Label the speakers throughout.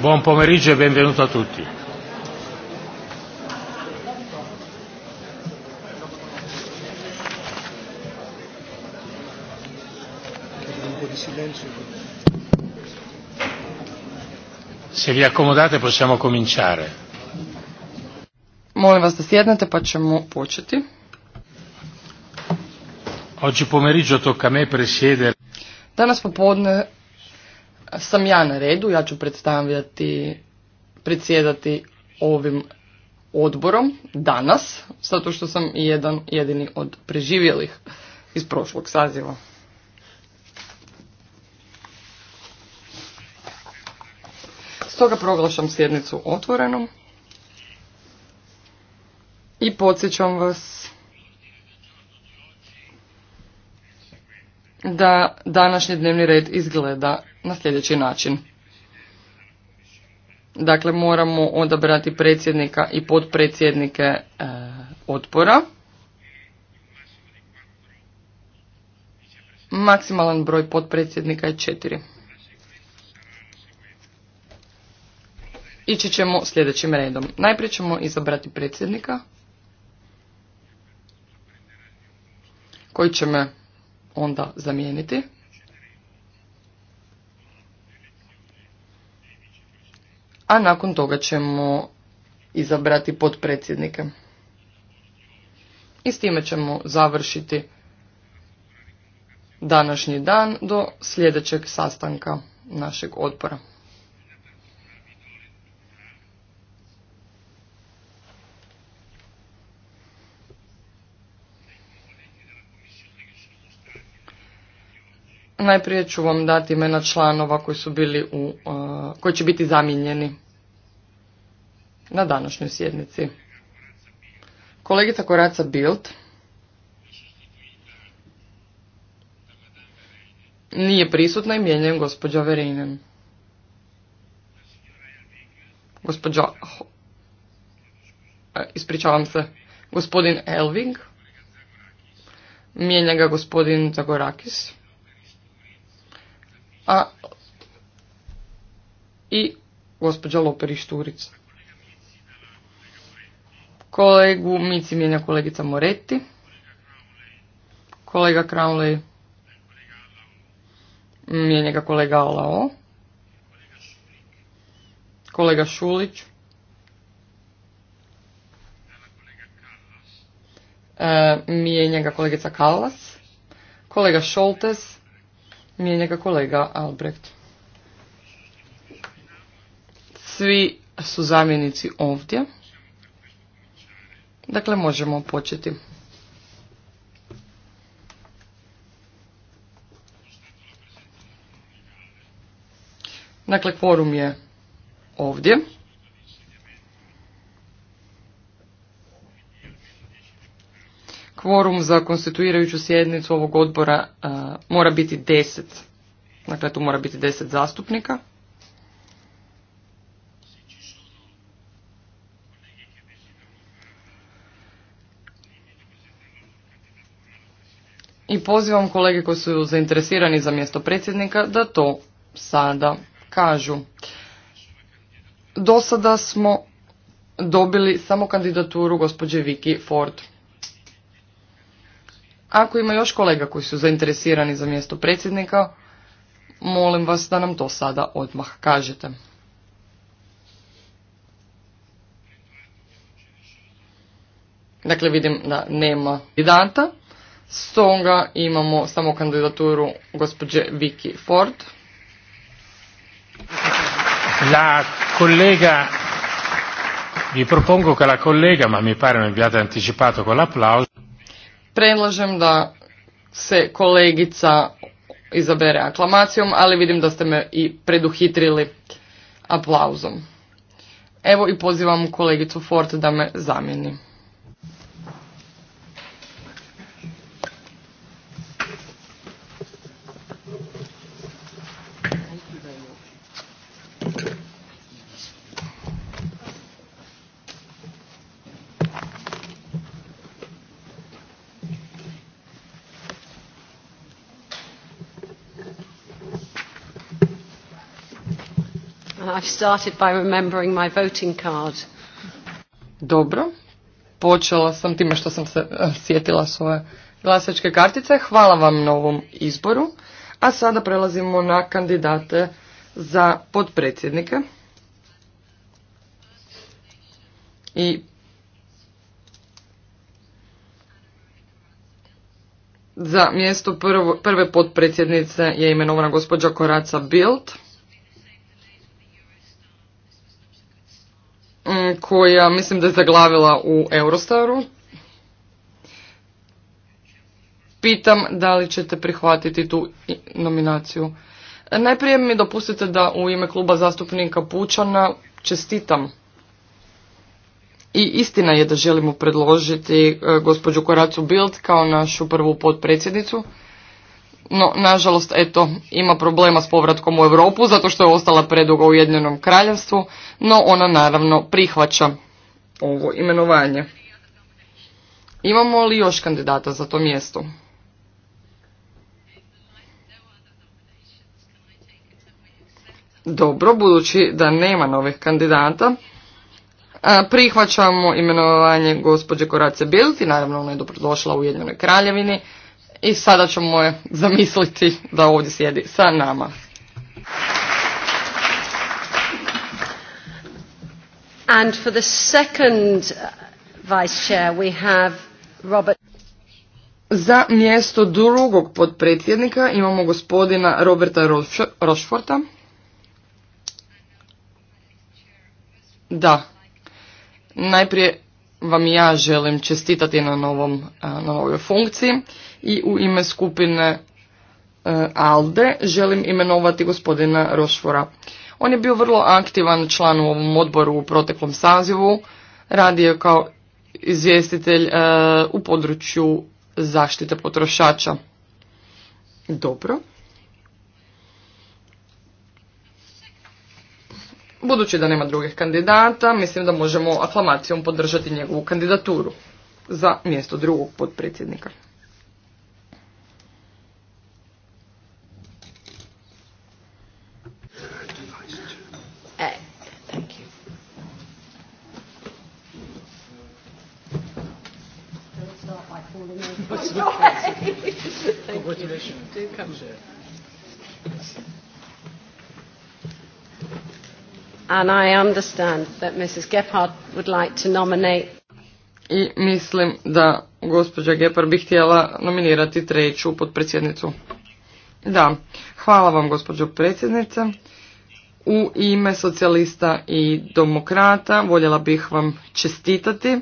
Speaker 1: Buon pomeriggio e benvenuto a tutti. Se vi accomodate possiamo cominciare. Molim vas da sjednete pa ćemo početi. Oggi pomeriggio tocca a me presiedere. Danas popodne sam ja na redu, ja ću predstavljati, predsjedati ovim odborom danas, zato što sam i jedan jedini od preživjelih iz prošlog saziva. Stoga proglašam sjednicu otvorenom i podsjećam vas da današnji dnevni red izgleda na sljedeći način. Dakle, moramo odabrati predsjednika i podpredsjednike e, odbora. Maksimalan broj podpredsjednika je četiri. Ići ćemo sljedećim redom. Najprije ćemo izabrati predsjednika koji će me onda zamijeniti. A nakon toga ćemo izabrati potpredsjednike. I s time ćemo završiti današnji dan do sljedećeg sastanka našeg odbora. Najprije ću vam dati imena članova koji su bili u, uh, koji će biti zamijenjeni na današnjoj sjednici. Kolegica Koraca Bild nije prisutna i mijenjen gospođa Verinen. Gospođa... E, ispričavam se. Gospodin Elving. Mijenja ga gospodin Zagorakis a i gospođa Loperi Šturica. Kolegu Mici mijenja kolegica Moretti. Kolega Mi mijenja ga kolega Alao. Kolega Šulić. E, mijenja ga kolegica Kallas. Kolega Šoltes mijenja ga kolega Albrecht. Svi su zamjenici ovdje. Dakle, možemo početi. Dakle, kvorum je ovdje. kvorum za konstituirajuću sjednicu ovog odbora e, mora biti deset. Dakle, tu mora biti deset zastupnika. I pozivam kolege koji su zainteresirani za mjesto predsjednika da to sada kažu. Do sada smo dobili samo kandidaturu gospođe Viki Ford. Ako ima još kolega koji su zainteresirani za mjesto predsjednika, molim vas da nam to sada odmah kažete. Dakle, vidim da nema kandidata, stoga imamo samo kandidaturu gospođe Vicky Ford. La kolega vi propongo che la collega, ma mi pare abbiate anticipato con l'applauso. Predlažem da se kolegica izabere aklamacijom, ali vidim da ste me i preduhitrili aplauzom. Evo i pozivam kolegicu Ford da me zamijeni. started by remembering my voting Dobro. Počela sam time što sam se eh, sjetila svoje glasačke kartice. Hvala vam na ovom izboru. A sada prelazimo na kandidate za podpredsjednike. I za mjesto prve potpredsjednice je imenovana gospođa Koraca Bild. koja mislim da je zaglavila u Eurostaru. Pitam da li ćete prihvatiti tu nominaciju. Najprije mi dopustite da u ime kluba zastupnika Pučana čestitam. I istina je da želimo predložiti e, gospođu Koracu Bild kao našu prvu potpredsjednicu no nažalost eto ima problema s povratkom u Europu zato što je ostala predugo u Ujedinjenom kraljevstvu, no ona naravno prihvaća ovo imenovanje. Imamo li još kandidata za to mjesto? Dobro, budući da nema novih kandidata, prihvaćamo imenovanje gospođe Korace Bilti, naravno ona je dobrodošla u Ujedinjenoj kraljevini i sada ćemo je zamisliti da ovdje sjedi sa nama. And for the second uh, vice chair we have Robert za mjesto drugog potpredsjednika imamo gospodina Roberta Rošforta. Da. Najprije vam ja želim čestitati na, novom, na novoj funkciji i u ime skupine e, ALDE želim imenovati gospodina Rošvora. On je bio vrlo aktivan član u ovom odboru u proteklom sazivu, radio kao izvjestitelj e, u području zaštite potrošača. Dobro. Budući da nema drugih kandidata, mislim da možemo aklamacijom podržati njegovu kandidaturu za mjesto drugog potpredsjednika. Eh, Congratulations. and I understand i mislim da gospođa Gepar bi htjela nominirati treću potpredsjednicu. Da, hvala vam gospođo predsjednice. U ime socijalista i demokrata voljela bih vam čestitati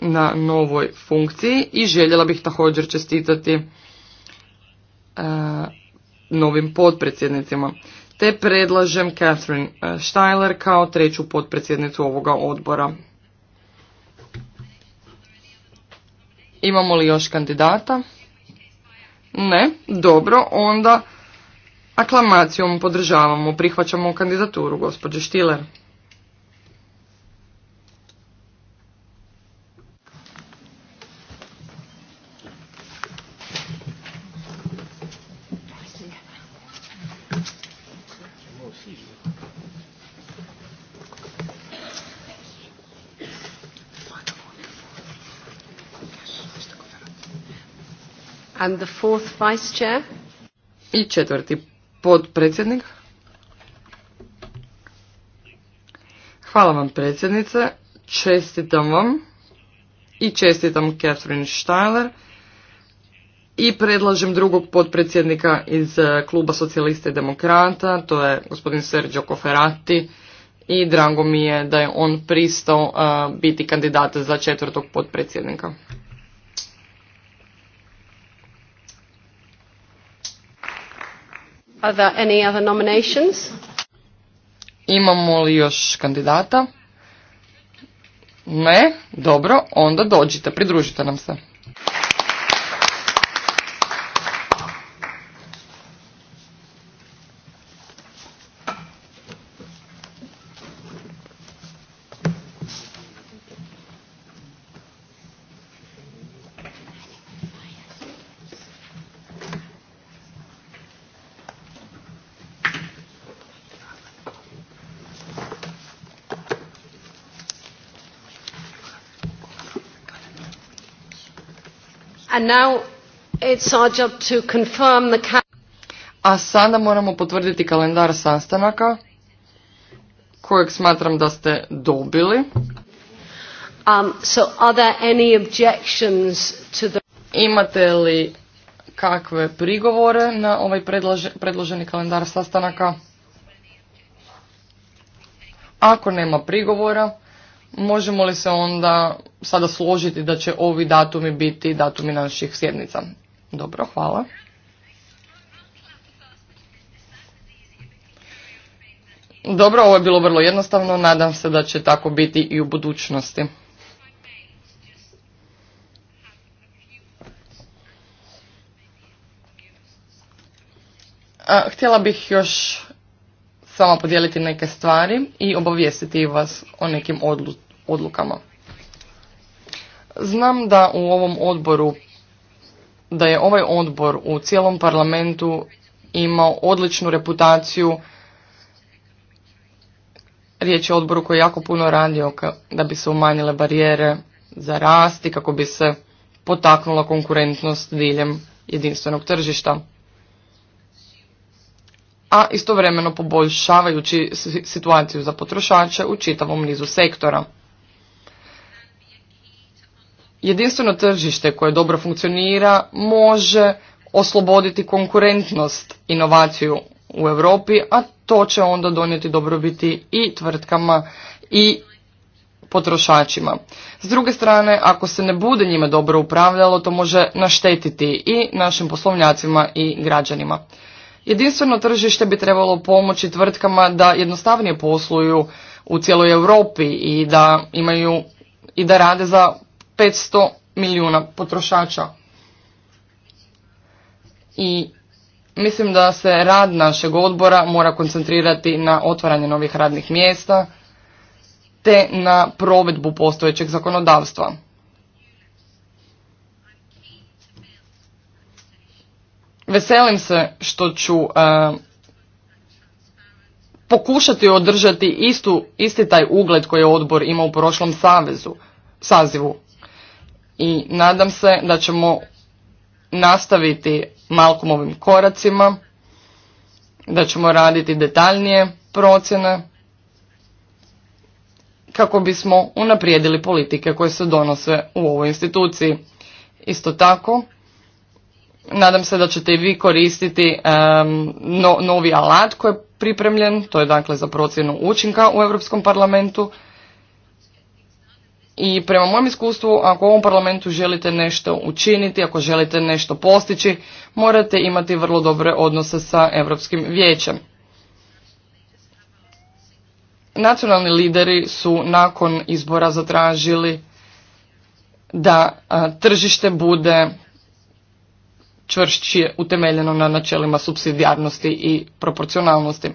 Speaker 1: na novoj funkciji i željela bih također čestitati e, novim potpredsjednicima te predlažem Catherine eh, Steiler kao treću potpredsjednicu ovoga odbora. Imamo li još kandidata? Ne, dobro, onda aklamacijom podržavamo, prihvaćamo kandidaturu gospođe Štiler. And the fourth vice chair. I četvrti podpredsjednik. Hvala vam predsjednice, čestitam vam i čestitam Catherine Steiler i predlažem drugog podpredsjednika iz eh, kluba socijalista i demokrata, to je gospodin Sergio Koferati i drago mi je da je on pristao eh, biti kandidat za četvrtog podpredsjednika. Are there any other nominations? Imamo li još kandidata? Ne, dobro, onda dođite, pridružite nam se. a sada moramo potvrditi kalendar sastanaka kojeg smatram da ste dobili. Um, any objections Imate li kakve prigovore na ovaj predloženi kalendar sastanaka? Ako nema prigovora, možemo li se onda sada složiti da će ovi datumi biti datumi naših sjednica? Dobro, hvala. Dobro, ovo je bilo vrlo jednostavno, nadam se da će tako biti i u budućnosti. A, htjela bih još samo vama podijeliti neke stvari i obavijestiti vas o nekim odlu odlukama. Znam da u ovom odboru, da je ovaj odbor u cijelom parlamentu imao odličnu reputaciju. Riječ je o odboru koji je jako puno radio da bi se umanjile barijere za rast i kako bi se potaknula konkurentnost diljem jedinstvenog tržišta. A istovremeno poboljšavajući situaciju za potrošače u čitavom nizu sektora jedinstveno tržište koje dobro funkcionira može osloboditi konkurentnost inovaciju u Europi, a to će onda donijeti dobrobiti i tvrtkama i potrošačima. S druge strane, ako se ne bude njime dobro upravljalo, to može naštetiti i našim poslovnjacima i građanima. Jedinstveno tržište bi trebalo pomoći tvrtkama da jednostavnije posluju u cijeloj Europi i da imaju i da rade za 500 milijuna potrošača. I mislim da se rad našeg odbora mora koncentrirati na otvaranje novih radnih mjesta te na provedbu postojećeg zakonodavstva. Veselim se što ću e, pokušati održati istu, isti taj ugled koji je odbor imao u prošlom savezu, sazivu i nadam se da ćemo nastaviti malkom ovim koracima, da ćemo raditi detaljnije procjene kako bismo unaprijedili politike koje se donose u ovoj instituciji. Isto tako, nadam se da ćete i vi koristiti novi alat koji je pripremljen, to je dakle za procjenu učinka u Europskom parlamentu, i prema mojem iskustvu, ako u ovom parlamentu želite nešto učiniti, ako želite nešto postići, morate imati vrlo dobre odnose sa Europskim vijećem. Nacionalni lideri su nakon izbora zatražili da tržište bude čvršće utemeljeno na načelima subsidijarnosti i proporcionalnosti.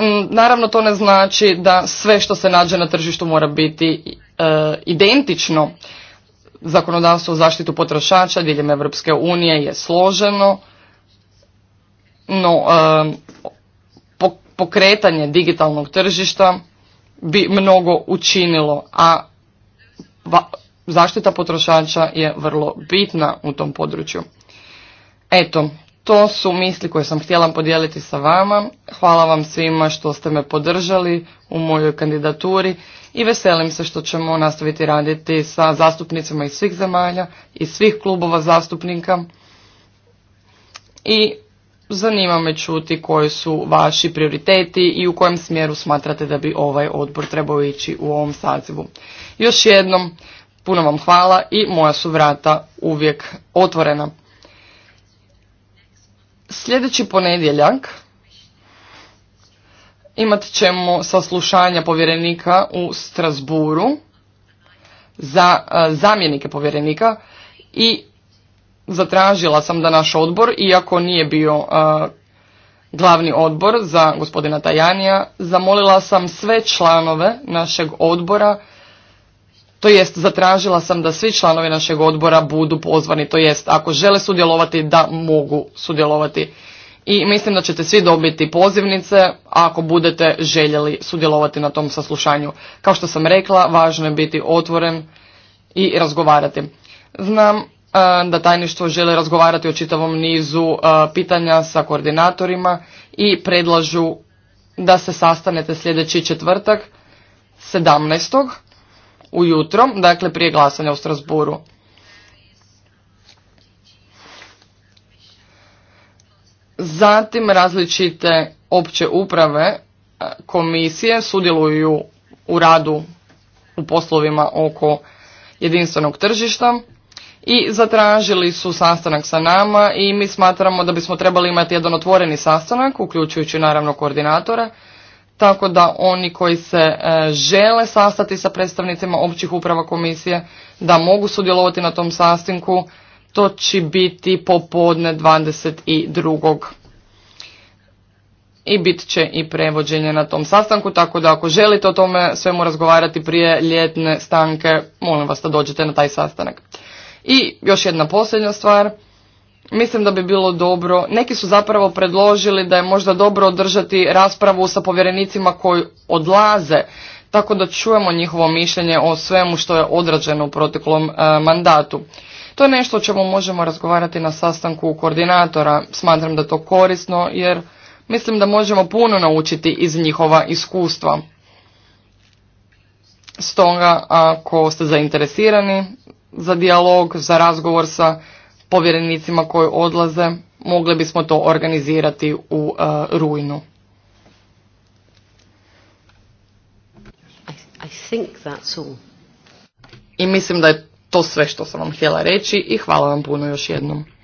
Speaker 1: Mm, naravno to ne znači da sve što se nađe na tržištu mora biti e, identično. Zakonodavstvo o zaštitu potrošača diljem Europske unije je složeno, no e, pokretanje digitalnog tržišta bi mnogo učinilo, a zaštita potrošača je vrlo bitna u tom području. Eto, to su misli koje sam htjela podijeliti sa vama. Hvala vam svima što ste me podržali u mojoj kandidaturi i veselim se što ćemo nastaviti raditi sa zastupnicima iz svih zemalja, iz svih klubova zastupnika. I zanima me čuti koji su vaši prioriteti i u kojem smjeru smatrate da bi ovaj odbor trebao ići u ovom sazivu. Još jednom, puno vam hvala i moja su vrata uvijek otvorena. Sljedeći ponedjeljak imat ćemo saslušanja povjerenika u Strasburu za e, zamjenike povjerenika i zatražila sam da naš odbor, iako nije bio e, glavni odbor za gospodina Tajanija, zamolila sam sve članove našeg odbora to jest zatražila sam da svi članovi našeg odbora budu pozvani, to jest ako žele sudjelovati da mogu sudjelovati. I mislim da ćete svi dobiti pozivnice ako budete željeli sudjelovati na tom saslušanju. Kao što sam rekla, važno je biti otvoren i razgovarati. Znam e, da tajništvo žele razgovarati o čitavom nizu e, pitanja sa koordinatorima i predlažu da se sastanete sljedeći četvrtak 17 ujutro, dakle prije glasanja u Strasburu. Zatim različite opće uprave e, komisije sudjeluju u radu u poslovima oko jedinstvenog tržišta i zatražili su sastanak sa nama i mi smatramo da bismo trebali imati jedan otvoreni sastanak, uključujući naravno koordinatora, tako da oni koji se e, žele sastati sa predstavnicima općih uprava komisije da mogu sudjelovati na tom sastanku, to će biti popodne 22. I bit će i prevođenje na tom sastanku, tako da ako želite o tome svemu razgovarati prije ljetne stanke, molim vas da dođete na taj sastanak. I još jedna posljednja stvar, mislim da bi bilo dobro, neki su zapravo predložili da je možda dobro održati raspravu sa povjerenicima koji odlaze, tako da čujemo njihovo mišljenje o svemu što je odrađeno u proteklom e, mandatu. To je nešto o čemu možemo razgovarati na sastanku koordinatora. Smatram da to korisno jer mislim da možemo puno naučiti iz njihova iskustva. Stoga ako ste zainteresirani za dijalog, za razgovor sa povjerenicima koji odlaze, mogli bismo to organizirati u uh, rujnu. I think that's all. I mislim da je to sve što sam vam htjela reći i hvala vam puno još jednom.